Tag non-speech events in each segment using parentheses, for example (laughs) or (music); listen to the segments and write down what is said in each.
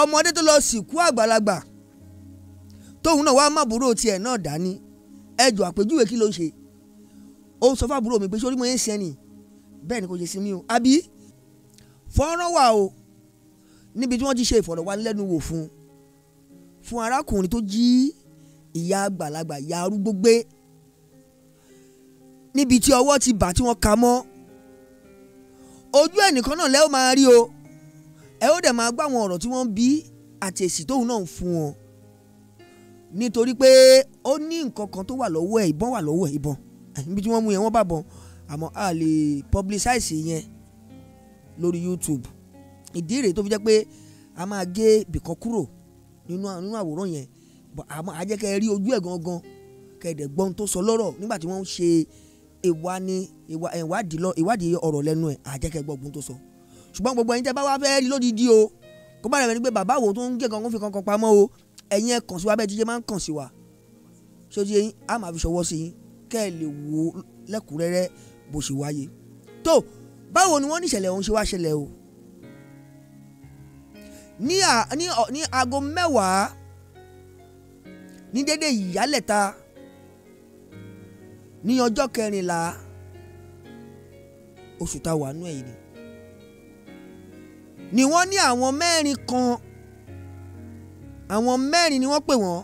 ọmọdé tó lọ sìnkú àgbàlagbà tóun náà wá màbúrò tiẹ̀ náà dání ẹjọ́ àpèjúwe kí ló ṣe ó sọ fábúrò mi pé sórí mo ń ṣe ni bẹ́ẹ̀ ni kò ṣe sí mi o àbí fọ́nrán wà o níbi tí wọ́n ti ṣe ìfọ̀rọ̀wánilẹ́nuwò fún fún arákùnrin tó jí ìyá àgbàlagbà ìyá arúgbó gbé níbi tí ọwọ́ ti bà tí wọ́n ka mọ́ ojú ẹnìkan náà lẹ́wọ̀n máa rí o ẹ ó dẹ̀ máa gbọ́ àwọn ọ̀rọ̀ tí wọ́n ń bí àti èsì tóun náà ń fún wọn nítorí pé ó ní nǹkan kan tó wà lọ́wọ́ ẹ̀ ìbọn wà lọ́wọ́ ẹ̀ ìbọn níbi tí wọ́n mú yẹn wọ́n bà bọ́n àmọ́ a lè publicize yẹn lórí YouTube ìdí rèé tó fi jẹ́ pé a máa gé bìkan kúrò nínú nínú àwòrán yẹn àmọ́ a jẹ́ kẹ́ ẹ rí ojú ẹ̀ gangan kẹ́ ẹ dẹ̀ gbọ́n tó sọ lọ́rọ̀ nígbà tí wọ́n ń ṣe ìwádìí ọ̀rọ̀ lẹ́nu ẹ̀ a jẹ́ kẹ́ ẹ gbọ́ tó sọ. So ṣùgbọ́n gbogbo ẹ̀yin tẹ́ bá wá fẹ́ rí lódìdí o kó bá rẹ̀ wẹ́n ni pé bàbá wo tó ń gé kankan fi kankan pamọ́ o ẹ̀yin ẹ̀ kàn sí wa bẹ́ẹ̀ jíjẹ́ máa ń kàn sí wa ṣé o ti yẹn á máa fi ṣọwọ́ sí i kẹ́ ẹ lè wo lẹ́kùnrẹ́rẹ́ bó ṣe wáyé tó báwo ni wọ́n ní ìṣẹ̀lẹ̀ ọ̀hún ṣe wá ṣẹlẹ̀ o ní ní aago mẹ́wàá ní dédé ìyálẹ̀ta ní ọjọ́ kẹrìnlá oṣù tá wà nú ẹ̀yìn ni ni wọ́n ní àwọn mẹ́rin kan àwọn mẹ́rin ni wọ́n pè wọ́n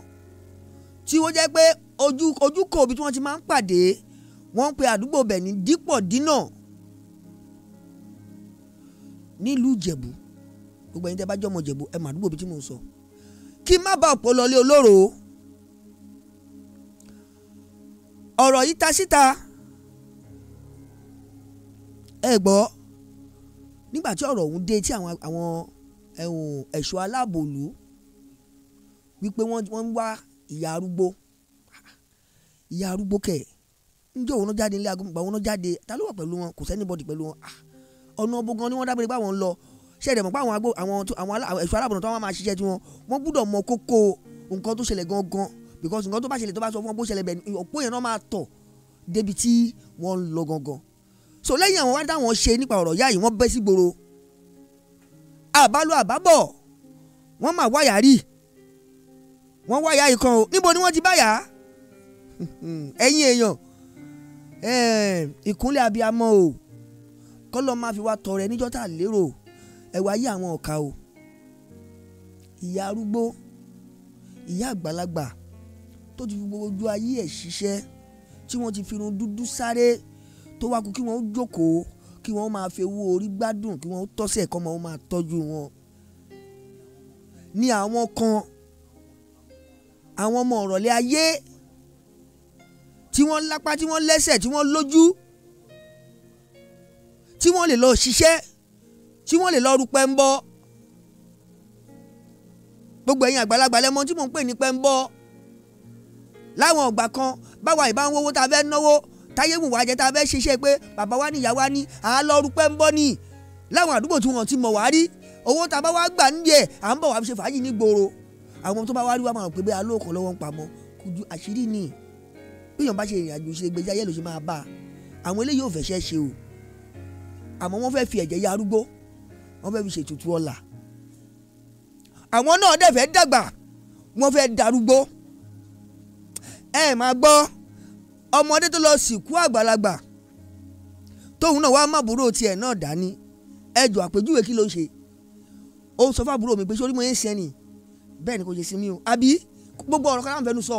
tí wọ́n jẹ́ pé ojú ojú kò bí tí wọ́n ti máa ń pàdé wọ́n ń pe àdúgbò bẹ̀ ní dípọ̀ dínà nílùú Ìjẹ̀bú gbogbo ẹ̀yin tẹ́ bá jọmọ Ìjẹ̀bú ẹ mà àdúgbò tí mò ń sọ kí má bá ọ̀pọ̀ lọlé olóró ọ̀rọ̀ yìí ta síta ẹ gbọ́ nígbà tí ọ̀rọ̀ ọ̀hún dé tí àwọn àwọn ẹ̀ṣọ́ aláàbòlú wípé wọ́n ń wá ìyá arúgbó ìyá arúgbó kẹ̀ njẹ́ òun náà jáde nílé aago gbà òun náà jáde ta ló wà pẹ̀lú wọn kò sẹ́ni bọ́dì pẹ̀lú wọn ah, ọ̀nà ọ̀bọ̀gan ni wọ́n dábẹ́rẹ́ báwọn lọ ṣẹ̀dẹ̀ mọ̀ pé àwọn ẹ̀ṣọ́ aláàbòlú tó wọn máa ṣiṣẹ́ tiwọn wọ́n gbúdọ̀ mọ kókó nǹkan tó ṣẹlẹ̀ gangan because nǹkan tó bá ṣẹlẹ̀ tó bá sọ fún wọn bó ṣẹlẹ̀ bẹ̀ òpó yẹn náà so lẹ́yìn àwọn wá dáwọn ṣe nípa ọ̀rọ̀ yá yìí wọ́n bẹ́ sí gbòòrò àbálò àbábọ̀ wọ́n mà wáyà rí wọ́n wáyà yìí kan o níbo ni wọ́n ti báyà (laughs) ẹ̀yin èèyàn ìkúnlẹ̀ abiyamọ o kọ́lọ́ máa fi wá tọrẹ níjọ́ tá a lérò ẹ̀ yí àwọn ọ̀ka o ìyá arúgbó ìyá àgbàlagbà tó ti fi gbogbo ojú ayé ẹ̀ ṣiṣẹ́ tí wọ́n ti fi irun dúdú sáré tó wá kú kí wọ́n jókòó kí wọ́n máa fi owó orí gbádùn kí wọ́n tọ́sẹ̀ kọ́ máa máa tọ́jú wọn. ní àwọn kan àwọn ọmọ ọ̀rọ̀lẹ́ ayé tí wọ́n lápá tí wọ́n lẹ́sẹ̀ tí wọ́n lójú tí wọ́n lè lọ ṣiṣẹ́ tí wọ́n lè lọ ru pẹ́ńbọ́ gbogbo ẹ̀yin àgbàlagbà lẹ́mọ tí mò ń pè ní pẹ́ńbọ́ láwọn ọgbà kan báwa ìbá ń wówó tá fẹ́ náwó táyé wù wá jẹ́ tá a fẹ́ ṣiṣẹ́ pé bàbá wa ní wa ní àálọ́rùpẹ́ ń bọ́ ní láwọn àdúgbò tí wọ́n ti mọ̀ wá rí owó tá a bá wá gbà nídìí à ń bọ̀ wá fi ṣe fàájì ní gbòòrò àwọn tó bá wá rí wa máa pè bẹ́ẹ̀ alóòkọ̀ lọ́wọ́ ń pamọ́ kùjú àṣírí ni bíyàn bá ṣe ìrìn àjò ṣe gbèjà yẹ́lò ṣe máa bá a àwọn eléyìí ò fẹ́ ṣẹ́ ṣe o àmọ́ wọ́n fẹ́ fi ẹ̀jẹ̀ ya arúgbó wọ́n fẹ́ fi ṣètùtù ọ̀la àwọn náà dẹ̀ fẹ́ dàgbà wọ́n fẹ́ darúgbó ẹ máa gbọ́ ọmọdé tó lọ sìnkú àgbàlagbà tóun náà wá màbúrò tiẹ̀ náà dání ẹjọ́ àpèjúwe kí ló ṣe ó sọ fábúrò mi pé sórí mo ń ṣe ni bẹ́ẹ̀ ni kò ṣe sí mi o àbí gbogbo ọ̀rọ̀ kan láǹfẹ̀ẹ́ nu sọ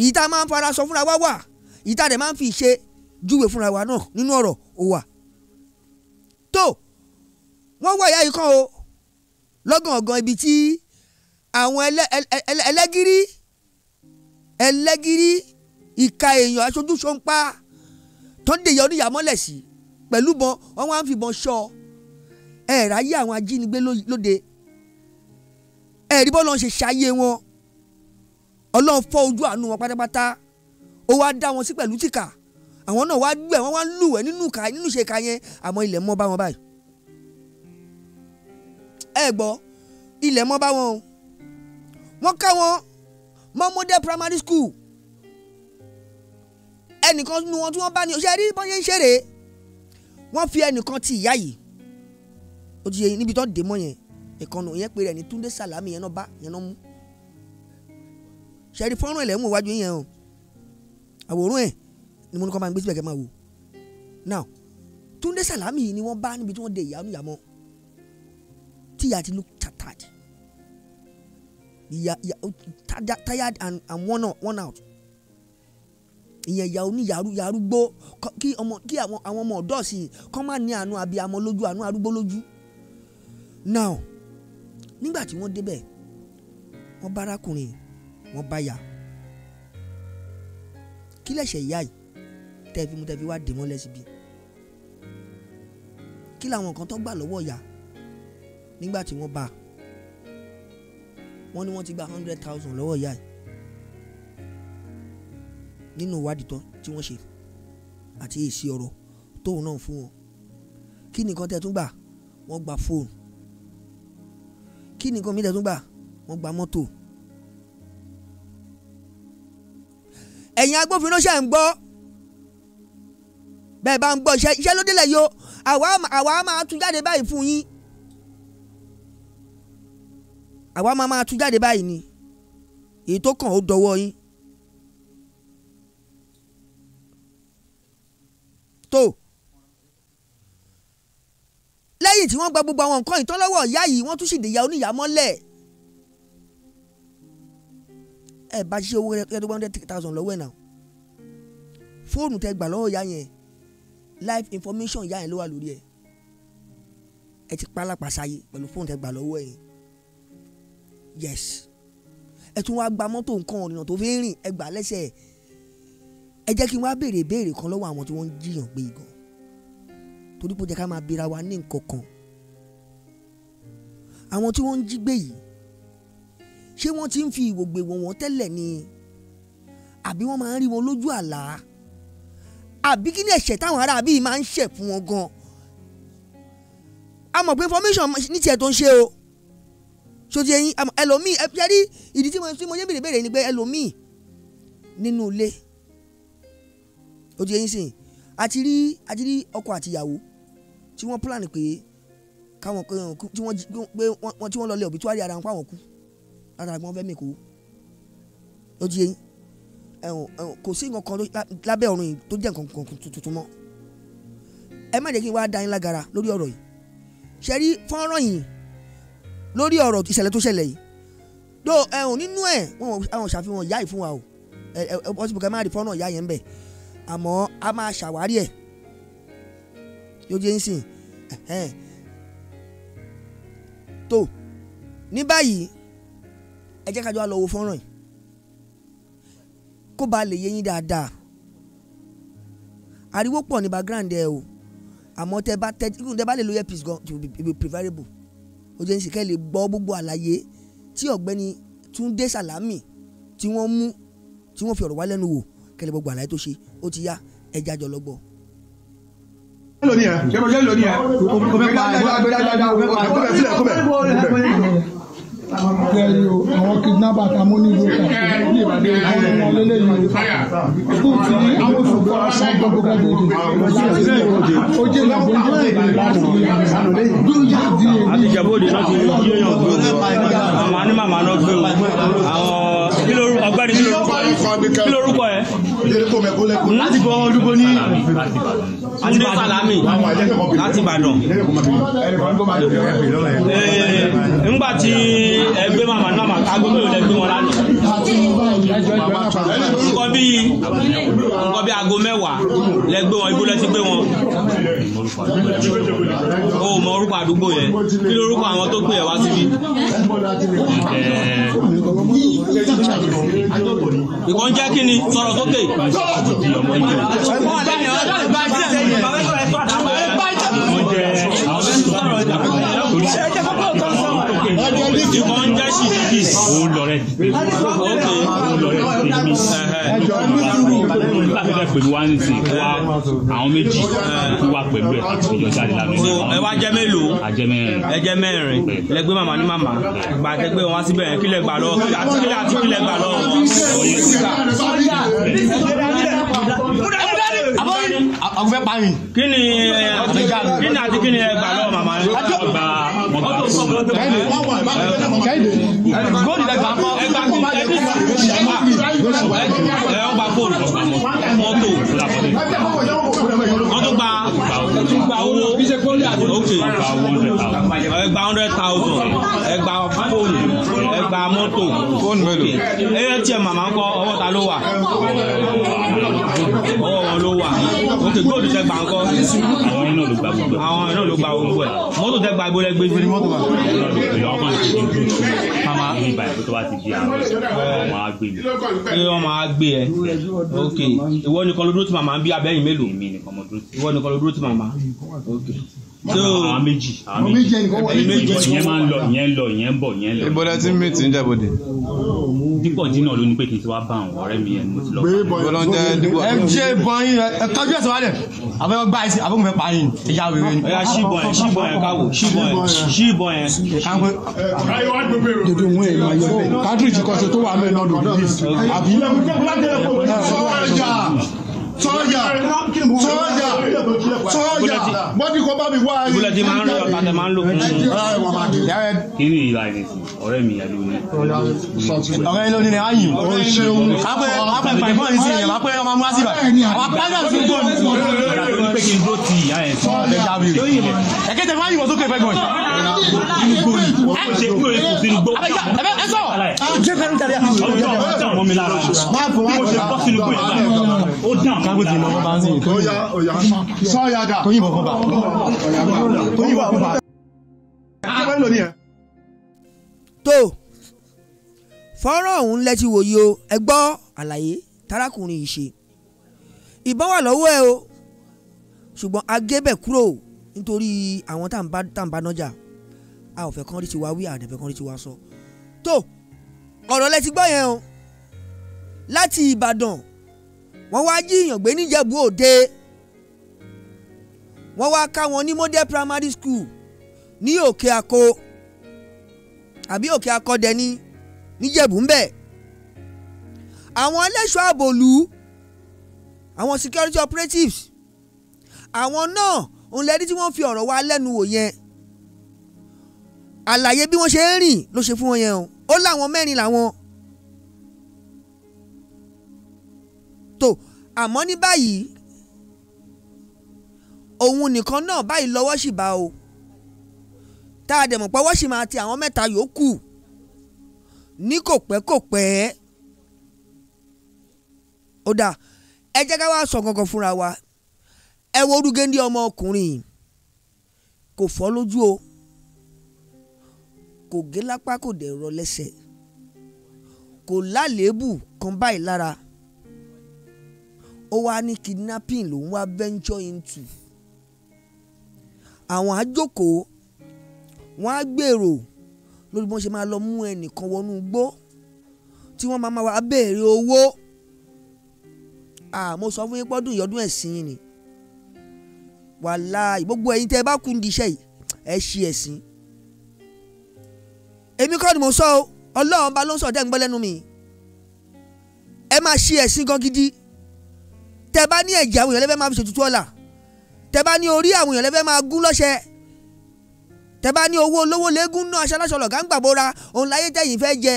ìyí tá a máa ń fara sọ fúnra wa wà ìyí tá a dẹ̀ máa ń fi ṣe júwe fúnra wa náà nínú ọ̀rọ̀ ò wà tó wọ́n wá ìyá yìí kan o lọ́gàngàn ibi tí àwọn ẹlẹ́gìrì ẹlẹ́gìrì ìka èèyàn aṣojú ṣonpa tọ́ndéyà oníyàmọ́lẹ̀ sí pẹ̀lú bọn wọn wá ń fìbọn ṣọ́ ẹ ráyé àwọn ajínigbé lóde ẹ̀rí bọ́ọ̀lù ṣe ṣayé wọn ọlọ́run fọ́ ojú àánú wọn pátápátá ó wá dá wọn sí pẹ̀lú tìkà àwọn náà wá gbẹ̀ wọ́n wá ń lùwẹ̀ nínú ìka nínú ìṣèkà yẹn àmọ́ ilẹ̀ mọ́ bá wọn báyìí ẹ gbọ́ ilẹ̀ mọ́ bá wọn o wọ́n ká wọn mọ́ model primary school ẹnìkan nu wọn tí wọ́n bá ní oṣù ẹ̀rí bọ́n ń ṣeré wọ́n fi ẹnìkan ti ìyá yìí ó ti yẹ níbi tó dé mọ́ yẹn ìkànnì yẹn pe rẹ̀ ní Túndé Sàlámì yẹn náà bá yẹn náà mú ṣẹ̀rí fọ́nrán ilẹ̀ ń wò wájú yẹn o àwòrán ẹ̀ ni mo ní kọ́ máa ń gbé síbẹ̀ kẹ́ máa wò now Túndé Sàlámì yìí ni wọ́n bá níbi tí wọ́n de ìyá oníyàmọ́ tíyà ti look tattered ìyá ìyá tired and and worn out ìyẹn ìyàwó ní yàrú yàrú gbó kí ọmọ kí àwọn ọmọ ọ̀dọ́ sì kọ́ má ní àánú abiyamọ lójú àánú arúgbó lójú. now nígbà tí wọ́n débẹ̀ wọ́n bá arákùnrin wọ́n bá yà kí lẹ̀ṣẹ̀ ìyá yìí tẹ́ fi mú tẹ́ fi wá dè mọ́ lẹ́sibí kí làwọn kan tó gbà lọ́wọ́ ìyá nígbà tí wọ́n bá wọ́n ní wọ́n ti gba hundred thousand lọ́wọ́ ìyá yìí nínú ìwádìí tán tí wọ́n ṣe àti èsì ọ̀rọ̀ tóun náà fún wọn kí ni nǹkan tẹ́ tún gbà wọ́n gba fóònù kí ni nǹkan mi tẹ́ tún gbà wọ́n gba mọ́tò ẹ̀yin agbófinró ṣe ń gbọ́ bẹ́ẹ̀ bá ń gbọ́ iṣẹ́ ló délẹ̀ yo àwa máa tún jáde báyìí fún yín àwa máa máa tún jáde báyìí ni èyí tó kàn ó dọwọ́ yín. tó lẹ́yìn tí wọ́n gba gbogbo àwọn nǹkan ìtàn lọ́wọ́ ìyá yìí wọ́n tún sì dèyà oníyàá mọ́lẹ̀ ẹ bá ṣe owó rẹ tó one hundred three thousand lọ́wọ́ ẹ̀ náà fóònù tẹ gbà lọ́wọ́ ìyá yẹn life information ìyá yẹn ló wà lórí ẹ̀ ẹ ti pa alápàsáyé pẹ̀lú fóònù tẹ gbà lọ́wọ́ ẹ̀ yes ẹ tún wá gba mọ́tò nǹkan ọ̀nà tó fi ń rìn ẹ gbà lẹ́sẹ̀ ẹ jẹ́ kí n wá béèrè béèrè kan lọ́wọ́ àwọn tí wọ́n ń jiyàn gbé igan torí pé ó jẹ́ ká máa bira wa ní nǹkan kan àwọn tí wọ́n ń jí gbé yìí ṣé wọ́n ti ń fi ìwògbè wọ̀n wọ́n tẹ́lẹ̀ ni àbí wọ́n máa ń rí wọn lójú àlá àbí kí ni ẹ̀ṣẹ̀ táwọn ará bíi máa ń ṣẹ̀ fún wọn gan a mọ̀ pé information ní tiẹ̀ tó ń ṣe o ṣojú ẹyin ẹlòmíì ẹ fi ìdí tí mo ṣe béèrè béèrè ni pé ẹlòmíì nínú ilé ó ti yẹn sìn àti rí àti rí ọkọ àti ìyàwó tí wọ́n plan pé káwọn tí wọ́n pé wọ́n tí wọ́n lọlé obituary ara wọn pa àwọn kú ara wọn fẹ́ mi kú ó ti yẹn kò sí nǹkan kan lábẹ́ ọ̀run yìí tó jẹ́ nǹkan kan tuntun mọ́ ẹ má jẹ́ kí n wá da yín lágara lórí ọ̀rọ̀ yìí ṣe rí fọ́nrán yìí lórí ọ̀rọ̀ ìṣẹ̀lẹ̀ tó ṣẹlẹ̀ yìí dó ẹ̀hún nínú ẹ̀ àwọn ṣàfihàn ìyá yìí fún wa o ọtí bùkẹ́ má rí fọ́nrán ìyá yẹn ń bẹ̀ àmọ́ a máa ṣàwárí ẹ̀ yóò jẹ́ ń sìn tó ní báyìí ẹ jẹ́ ká jọ lọ wo fọ́nrán yìí kó ba lè yé yín dáadáa ariwo pọ̀ ní background ẹ o àmọ́ tẹ bá tẹ tẹ bá lè lo earpiece gan it be, be preferable ó jẹ́ nsìkẹ́ lè gbọ́ gbogbo àlàyé tí ọ̀gbẹ́ni Túndé Sàlámì tí wọ́n mú tí wọ́n fi ọ̀rọ̀ wá lẹ́nu wò kẹlẹ gbogbo àlàyé tó ṣe ó ti yá ẹja jọ lọ gbọ. o àwọn kidnapper ta mú ní ìlú kan ní ìbàdí ọmọ ọmọ lélẹ́yìn o tó ti ní àwọn òṣogbo aṣọ gbogbo gbòde ó jẹ́ ìyàbọ̀ ní ìbàdí láti yóò yá di èyí. àti ìjàmbá òde náà ti yí èèyàn gbé o àwọn anímọ̀ àmọ́ náà gbé o àwọn kí lórúkọ ọgbẹ́ni kí lórúkọ ẹ kékeré kó hmm? láti bọ olúgbó ní túndé salami láti ìbàdàn. nígbà eh, tí ẹgbẹ́ màmá náà màá kágbó mélòó lẹ gbé wọn lánàá. nǹkan bí nǹkan bí aago mẹ́wàá lẹ wọn igbó lẹ gbé wọn orúkọ àdúgbò yẹn o mọ orúkọ àdúgbò yẹn kí ló orúkọ àwọn tó pè ẹ wá síbí. ìkọ́ ń jẹ́ kí ni sọ̀rọ̀ sókè. ìkọ́ ń sì bí òun lọ rẹ pé òun lọ rẹ pé mi nígbà tó fẹ́ pẹ̀lú wa ní sìn wa àwọn méjì tó wà pẹ̀lú ẹ̀ ìjọ jáde lánàá. ẹ wá jẹ mélòó ẹ jẹ mẹ́rin lẹgbẹ màmá ní màmá gbà tẹgbẹ wọn síbẹ̀ kílẹ̀ gbà lọ àti kílẹ̀ àti kílẹ̀ gbà lọ. àwọn fẹ́ pa mi. kí ni kí ni àti kí ni ẹ gbà lọ màmá kẹ́hìndé kẹ́hìndé góòlù lẹ́gbàá kọ́ ẹgbàá kó má lè kó má lè kó má lè kó má lè kó má lè kó má lè kó má lè kó má lè kó má lè kó má mọ́tò fóònù mélòó atm màmá ń kọ́ ọwọ́ ta ló wà ọwọ́ wọn ló wà òkè góòlù tẹ gbà ń kọ́ àwọn iná ló gba gbogbo àwọn iná ló gba gbogbo ẹ̀ mọ́tò tẹ gba gbogbo ẹ gbé fún mọ́tò wa. ọmọ ìdíjú mama mi bàyà tó bá ti di àárọ̀ ọmọ máa gbé mi. ṣé wọn máa gbé ẹ ok ìwọ nìkan ló dúró tí màmá ń bí abẹ́yìn mélòó ìwọ nìkan ló dúró tí màmá ok àwọn méjì àwọn méjì ìyẹn máa ń lọ ìyẹn ń lọ ìyẹn ń bọ̀ ìyẹn ń lọ. ìbọ̀dà tí mi ti ń jábọ̀dẹ̀. dípọ̀ dínà ló ní pé kí n ti wá bá àwọn ọ̀rẹ́ mi yẹn mo ti lọ. bọ́lá ń jẹ́ dípọ̀. ẹ jẹ́ ìbọn yín ẹ tọ́jú ẹ̀sán wálẹ̀ àbẹ́ ọgbà ẹ̀sìn àbẹ́ òun fẹ́ pa yín ẹ̀yà wẹ̀rẹ̀ ni. ẹ̀yà ṣíbọn yẹn ṣíbọn yẹn káwọ ṣíbọn yẹn ṣíbọn yẹn. káńpẹ́ dodo ń wẹ̀ ẹ̀yà yọ bẹ́ẹ̀ kátìrìjì kan ṣe tó wà mẹ́rin náà dòdò yìí àbí tọ́ọ̀yà tọ́ọ̀yà tọ́ọ̀yà bọ́dí kò bá mi wá ayé. ìbúlẹ̀ tí máa ń lọ àtàtẹ̀ máa ń lò fún un. kiri ìlà ẹ̀ ọ̀rẹ́ mi yàrá òun. ọ̀rẹ́ yìí lónìí ni a yìn. o ṣeun apẹ apẹ pàìmọ́ ní sí ìyẹn apẹ ọmọ amúhá sí ibà wà pàjá sí gbòòrò. ìyá tó ń pè kí n dó ti ìyá ẹ̀ sọ ẹ̀ jábìrì. ẹ̀kẹ́ tẹ̀ máa yìnbọn sókè fẹ́ gbọ̀n kò ṣe kí o yẹ kò sí ní gbó. ẹ sọ jẹ fẹrẹ tẹlẹ yà. ọjọ́ ọjọ́ mọ tó fọ́nrán ọ̀hún lẹ́tí wòye o ẹ gbọ́ àlàyé tarakùnrin yìí ṣe ìbọn wà lọ́wọ́ ẹ o ṣùgbọ́n agébẹ̀ kúrò nítorí àwọn tá à ń bá nájà a ò fẹ́ kán rí tiwa wí a ò fẹ́ kán rí tiwa sọ. tó ọ̀rọ̀ lẹ ti gbọ́ yẹn o láti Ìbàdàn wọ́n wá jíyàn gbé níjẹ̀bú òde wọ́n wá ká wọn ní model primary school ní òkè àkó àbí òkè akọ́dẹ ní níjẹ̀bú ńbẹ̀ àwọn ẹlẹ́ṣọ́ àbòlú àwọn security operatives àwọn náà òun lẹ́ni tí wọ́n fi ọ̀rọ̀ wá lẹ́nu wò yẹn àlàyé bí wọ́n ṣe ń rìn ló ṣe fún wọn yẹn o ó láwọn mẹ́rin làwọn. tó àmọ́ ní báyìí òun nìkan náà báyìí lọ́wọ́ sì bá o tá a dẹ̀ mọ̀ pé wọ́n sì máa ti àwọn mẹ́ta yòókù ní kò pẹ́ kò pẹ́ ó dà ẹ jẹ́ ká wá sọ gangan fúnra wa ẹ wo orúgẹ́ndé ọmọ ọkùnrin kò fọ́ lójú o kò gé lápá kò dẹ̀ rọ lẹ́sẹ̀ kò lálébù kan báyìí lára ó wá ní kidnapping lòún wá venture into àwọn àjòkòó wọ́n á gbèrò lórí bí wọ́n ṣe máa lọ mú ẹnìkan wọnú igbó tí wọ́n máa máa wá béèrè owó àmọ́ sọ fún yín pọ́dún ìyọdún ẹ̀sìn ni wàláhì gbogbo ẹ̀yin tẹ́ ẹ bá kú ní iṣẹ́ yìí ẹ ṣe ẹ̀sìn èmi kọ́ ni mo sọ o ọlọ́run bá ló ń sọ ọ̀dẹ́ ń gbọ́ lẹ́nu mi ẹ máa ṣe ẹ̀sìn gan gidi tẹ bá ní ẹ̀jẹ̀ àwọn èèyàn lẹ́fẹ́ máa fi ṣètùtù ọ̀la tẹ bá ní orí àwọn èèyàn lẹ́fẹ́ máa gún lọ́ṣẹ tẹ bá ní owó olówó léegun náà aṣáláṣọ lọ̀gá ń gbàbọ́ra òun láyé tẹ̀yìn fẹ́ jẹ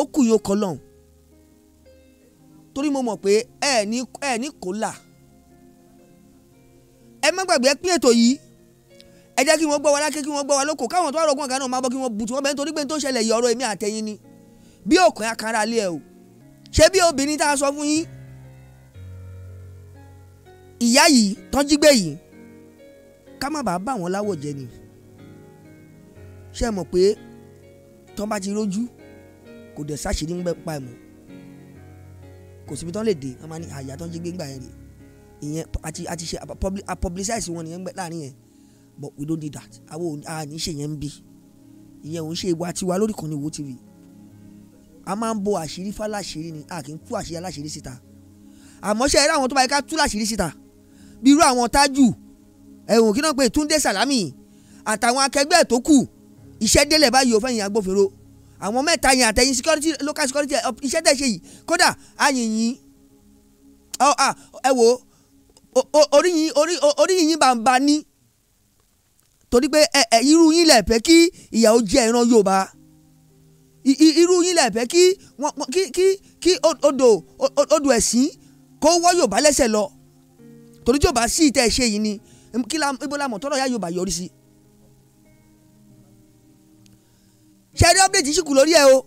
ó kù yóò kọ́ lọ́hùn torí mo mọ̀ pé ẹ ní kó là ẹ má gbàgbé pín ètò yìí ẹ jẹ́ kí wọ́n gbọ́ wa lákè kí wọ́n gbọ́ wa lóko káwọn tó wà lọ́gbọ́n kan náà máa bọ́ kí wọ́n bù tí wọ́n bẹ́ẹ̀ nítorí pé n tó ṣẹlẹ̀ yìí ọ̀rọ̀ èmi àtẹ̀yìn ni bí òkàn akara lé ẹ o ṣé bí obìnrin tá a sọ fún yín ìyá yìí tán jí gbé yìí ká má bàa bà wọ́n láwọ̀ jẹ́ ni ṣé ẹ mọ̀ pé tán bá ti rójú kò dẹ̀ sáṣìírí ń bẹ́ pa ẹ̀ mọ́ kò síbi tán lè dé wọ́n máa ní àyà tán jí gbé ńgbà yẹn ni ìyẹn àti àti ṣe publicize wọn nìyẹn láàrin yẹn but we don't need that àwọn àní ṣe yẹn ń bi ìyẹn òun ṣe ìwà tiwa lórí kan ní wo tv a máa ń bo àṣírí fáláṣírí ni a kì í tú àṣírí aláṣírí síta àmọ́ ṣe eré àwọn tó bá yẹ ká tú láṣírí síta bí irú àwọn tájù ẹ̀wọ̀n kí náà pé túndé sàlámì àtàwọn akẹgbẹ́ tó kù iṣẹ́ délẹ̀ báyìí ò fẹ́yìn agbófinró àwọn mẹ́ta yẹn àtẹ̀yìn security local security iṣẹ́ tẹ̀ ṣe yìí kódà àyìnyín ẹ wo oríyìn oríyìn bàǹbà ní torí pé ẹ ẹ irú yín lẹ fẹ́ kí ìyà ó jẹ ìran Yorùbá irú yín lẹ fẹ́ kí wọ́n kí kí kí odò odò ẹ̀sìn kó wọ́ Yorùbá lẹ́sẹ̀ lọ torí tí Yorùbá sí ìtẹ́ ṣe yìí ni kí la ibo la mọ̀ tọ́lọ̀ yá Yorùbá yọrí sí. ṣẹ́ẹ́rì ọ́bẹ̀tì ṣìkù lórí ẹ̀ o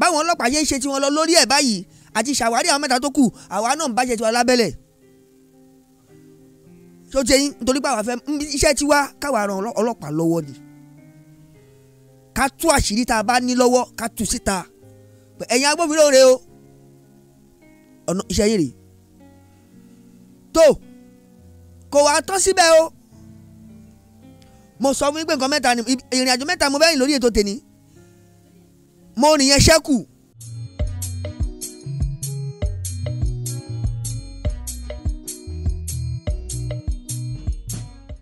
báwọn ọlọ́pàá yẹn ń ṣe tiwọn lọ lórí ẹ̀ báyìí àti ṣàwárí àwọn mẹ́ta tó kù àwa náà ń bá ṣe tiwa lábẹ́lẹ̀ tó ti yín nítorí pé àwa fẹ́ iṣẹ́ tiwa káwa ran ọlọ́pàá lọ́wọ́ ni ká tú àṣírí tá a bá ní lọ́wọ́ ká tú síta ẹ̀yin agbófinró rèé o ọ̀nà iṣẹ́ yìí rèé tó kò wá tán síbẹ̀ o mo sọ fún yín pé nǹkan mẹ́ta ni ìrìn àjò mẹ́ta mo bẹ́yìn lórí ètò tèmi mo rìn yẹn ṣẹ́kù